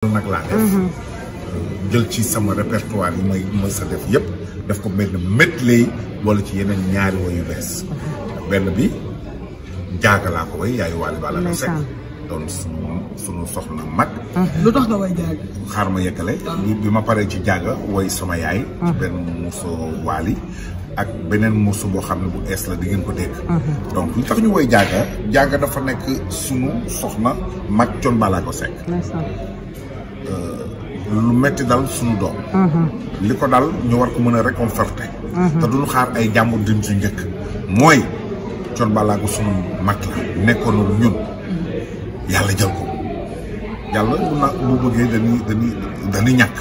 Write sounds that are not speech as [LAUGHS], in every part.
nag laa mhm. ci sama répertoire yi may mën sa def yëpp def ko mel ni medley ci yeneen ñaari yu bees mhm. benn laa ko way yaayu waali bala ko sekk xaar ma yëkkale ah. ma paree ci jaaga way sama yaay mhm. ci beneen muusu boo xam ne bu ees la ngeen ko dégg donc lu tax ñu way jaaga jaaga dafa nekk sunu soxna mag con bala ko sekk lu metti dal suñu doom mhm. li ko dal ñu war ko mën a réconforter mhm. te duñu xaar ay jàmbur din su njëkk mooy Thione Ballago suñu mag la nekkoon ñun mhm. yàlla jël ko yàlla na bu bëggee dañuy dañuy dañuy ñàkk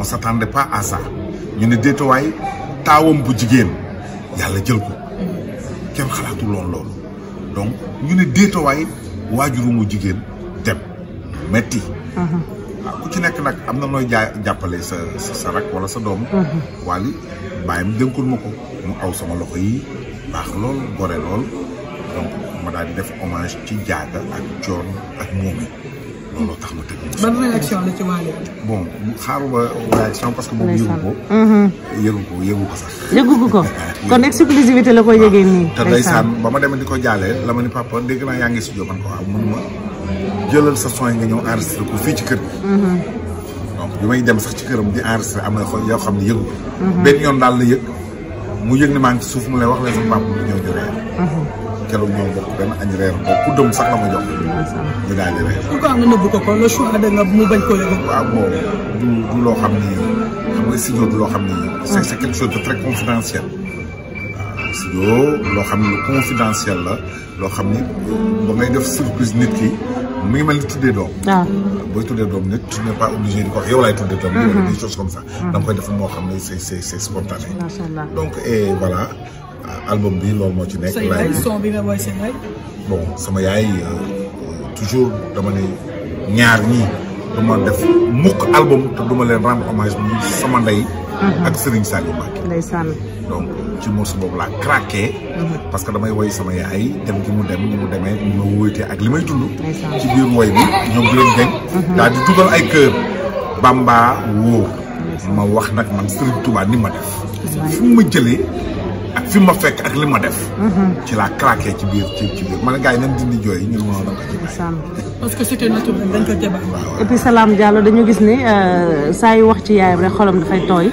on pas à ñu ne déetuwaay taawam bu jigéen yàlla jël ko kenn xalaatul woon loolu donc ñu ne déetuwaay waajuru jigéen dem metti Ah, ku ci nekk nag am na nooy jaa jàppale sa sa rak wala sa doom. Mhm. Wally mu dénkul ma ko mu aw sama loxo yi baax lool gore lool donc ma daal def hommage ci jaaga ak joon ak moomi looloo tax ma tëj. ban réaction la ci Wally. ba réaction parce que moom yëgu ko. Mhm. yëgu ko yëgu ko sax. yëgu ko [LAUGHS] kon exclusivité la koy yëgee nii. te ndeysaan ba ma demandi di ko jaalee la ma ne papa dégg naa yaa ngi studio man ko waaw ah, mënuma. jëlal sa son nga ñëw enregistré ko fii ci kër donc bi may dem sax ci këram di enregistré am na yoo xam ne yëgu mhm. benn yoon daal la yëg mu yëg ne maa ngi ci suuf mu lay wax leen sa papa mu ñëw di reer mhm. keroog ñoo bokk benn añ ku dëm sax la ma jox ñu daal di reer pourquoi nga nëbb ko ko le choix da nga mu bañ ko yëg waaw bon du du loo xam ne xam nga studio du loo xam ne c'est quelque chose de très confidentiel studio loo xam ne lu la loo xam ne ba ngay def surprise nit ki mu ngi mel ni tuddee doom. waaw ah. booy tuddee doom nit tu n'es pas obligé ko wax yow laay tuddee doom. wala mm-hmm. comme ça. Mm-hmm. da koy def moo xam ne c'est c'est c'est spontané. macha allah donc et voilà album bi loolu moo ci nekk. laay son bi nga sama yaay euh, euh, toujours dama ne ñaar ñii dama def mukk album te duma leen rendre hommage bi sama ndey. Uh-huh. ak Serigne Saliou Mbacké ndeysaan donc ci morceau boobu laa craqué uh-huh. parce que damay woy sama yaay dem gi mu dem ni mu demee ni ma wóoytee ak li dund ci biir woy bi ñoom di leen gañ daal di dugal ay kër Bamba wo ma wax nag man Serigne Touba ni ma def fu ma jëlee ak fi ma fekk ak li def ci laa craqué ci biir ci ci biir man gars yi nañ dindi jooy ñu mo dama ci parce que c'était naturel dañ ko et puis Salam Diallo dañu gis ne saa yu wax ci yaayam rek xolam dafay tooy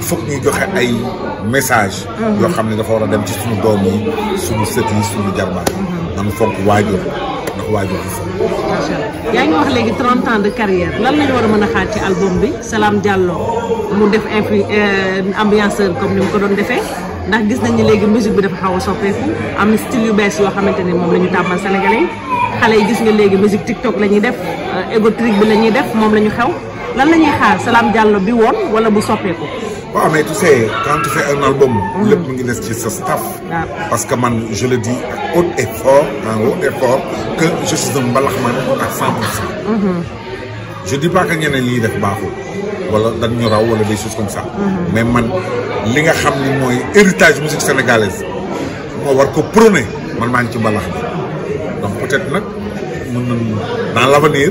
il faut que joxe ay message mm-hmm. yoo xam ne dafa war a dem ci suñu doom yi suñu sët yi suñu jarbaat mm-hmm. nanu fonk waajur ndax waajur fi fonk macha allah yaa ngi wax léegi trente ans de carrière lan lañu war a mën a xaar ci album bi Salam Diallo mu def influ euh, ambianceur comme ni mu ko doon defee ndax gis nañu léegi musique bi dafa xaw a soppeeku am style yu bees yoo xamante ne moom la ñu tàmbal sénégalais yi xale yi gis nga léegi musique TikTok la ñuy def euh, égotrique bi la ñuy def moom la ñu xew la ñuy xaar Salam bi woon wala bu soppeeku waaw mais tu sais quand tu fais un album. Mhm. le mu ngi des staff. parce que man je le dis haut effort fort haut effort que je suis un Balakman à 100 Je ne je dis pas que y a def livres wala dañ ñu raw wala des choses comme ça. Mhm. mais man li nga xam ni héritage musique sénégalaise je dois le prôner man suis un ci donc peut-être que dans l'avenir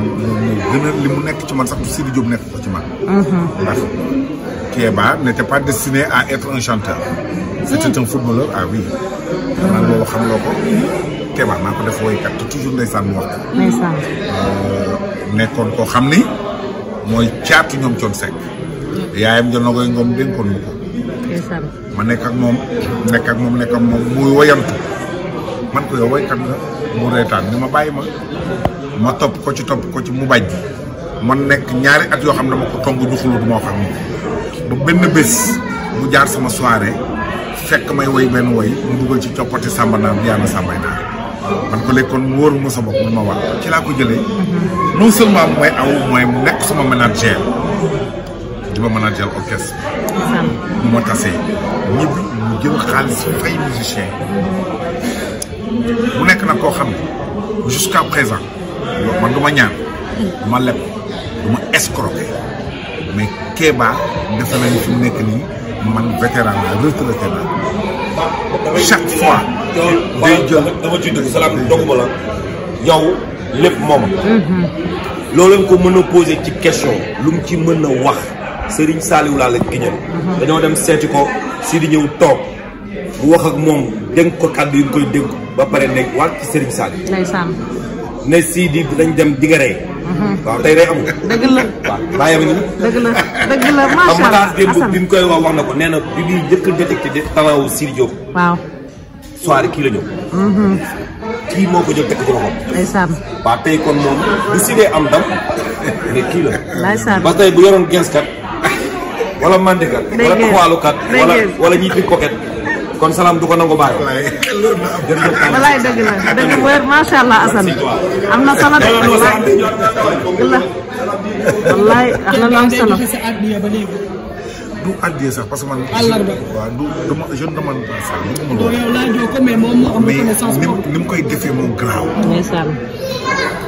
gën a li mu nekk ci man sax du Sidi Diop nekk ko ci man. Mhm. ndax Kéba n'était pas destiné à être un chanteur. c'était footballeur ah oui. maanaam xam loo ko. Kéba maa ko def woykat te euh, nekkoon koo xam ni mooy caatu ñoom Thione Seck. yaayam jël na koy ngoom dénkoon ma ko. ma nekk ak moom nekk ak moom nekk ak moom muy woyantu man ko yow woykat nga mu reetaan ni ma bàyyi ma. ma topp ko ci topp ko ci mu bàjj man nekk ñaari at yoo xam ne dama ko tong juxulu du moo xam ak ba benn bés mu jaar sama soirée fekk may woy benn woy mu dugal ci coppati sàmba naan yàlla sàmbay naan man ko ma sa ci laa ko jëlee mhm. non seulement mooy aw mooy mu nekk sama manager di ma manager orchestre mu ma tasee ñibbi mu jël xaalis fay musicien mhm. mu nekk nag koo xam ne jusqu'à présent man du ma ñaan du ma leb du ma mais Kéba defe nañu fi mu nekk nii man vétéran la retraité la chaque fois. day jël dafa ci dugg salaam doguma la yow lépp moom. Mhm. loolu lañ ko mën a posé ci question lu mu ci mën a wax Serigne Saliou laa la giñal mhm. dañoo dem seeti ko si di ñëw toog bu wax ak moom dénk ko kàddu yi koy dénk ba pare nekk wàcc ci Serigne Saliou. ne sii di dañ dem di rey. Mhm. waaw tey rey amul. dëgg la waaw bàyyi ma nii. dëgg la dëgg la macha allah Assane bi mu koy wax wax na ko nee na bi muy njëkk a détecté talaawu Sidy Diop. waaw. soirée kii la ñëw. Mhm. moo ko jël tekk ci loxoom. ndeysaan. waaw tey kon moom bu si am dam mais kii la. ba tey bu yoroon gens kat. wala mandikat. wala taxawaalukat. wala wala ñi fi koket. kon salaam du ko nangu bàyyi. walaay dëgg la dëgg wér macha allah Assane am na solo de walaay. walaay am na solo. du àddee sax parce que man. àllarba waaw du dama je ne demande mu koy defee allah.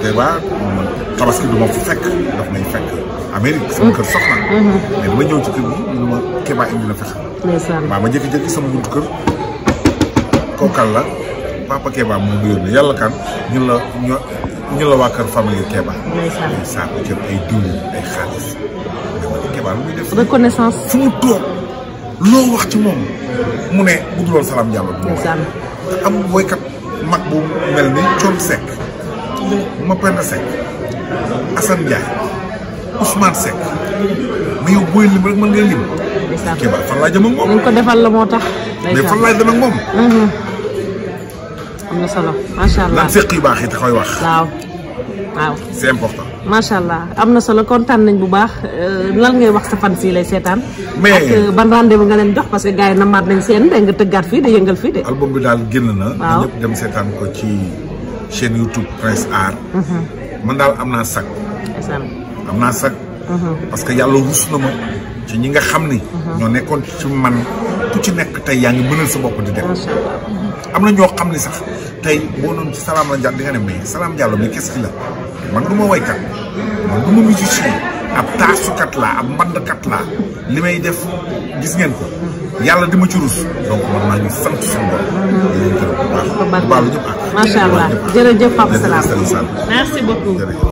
te waa man tabaski du ma fekk daf may fekk Amérique sama kër soxna. Mhm. mais ci kër mu ne ma Kéba indi ndeysaan ma jékki-jékki sama buntu kër kookal la papa Kéba moom bu yónni yàlla kan ñu la ñu ñu la waa kër famille Kéba ndeysaan jël ay diwlin ay xaalis mais Kéba toog loo wax ci moom mu ne bu duloon Salam Diallo du am woykat mag bu mel ni Thione Seck ma penn Seck Assane Ndiaye Ousmane Seck ma yow booy lim rek man nga lim. Kéba fan laa jëm ak moom. ko defal la motax tax. mais fan laa jëm ak mom mhm. am na solo macha allah lan seq yu baax yi taxoy wax. waaw waaw. c'est important. macha allah am solo contane nañ bu baax euh, lan ngay wax sa fan fi lay seetaan. mais euh, ban rendez-vous nga leen jox parce que gaay na mat nañ seen day nga teggat fi day yëngal fi de. album bi dal genn na. waaw dem seetaan ko ci chaîne YouTube Prince Art. Mhm. man dal amna naa am naa sag mhm. parce que yàlla rus na ma ci ñi nga xam ni mhm. ñoo nekkoon ci man ku ci nekk tey yaa ngi mënal sa bopp di dem mhm. am na ñoo xam ni sax tey boo doon ci salaam la jàll di ne mais salaam jàll mais qu'est-ce que la man du ab taasukat laa ab mbandkat laa li may def ngeen ko yàlla di ma ci rus donc man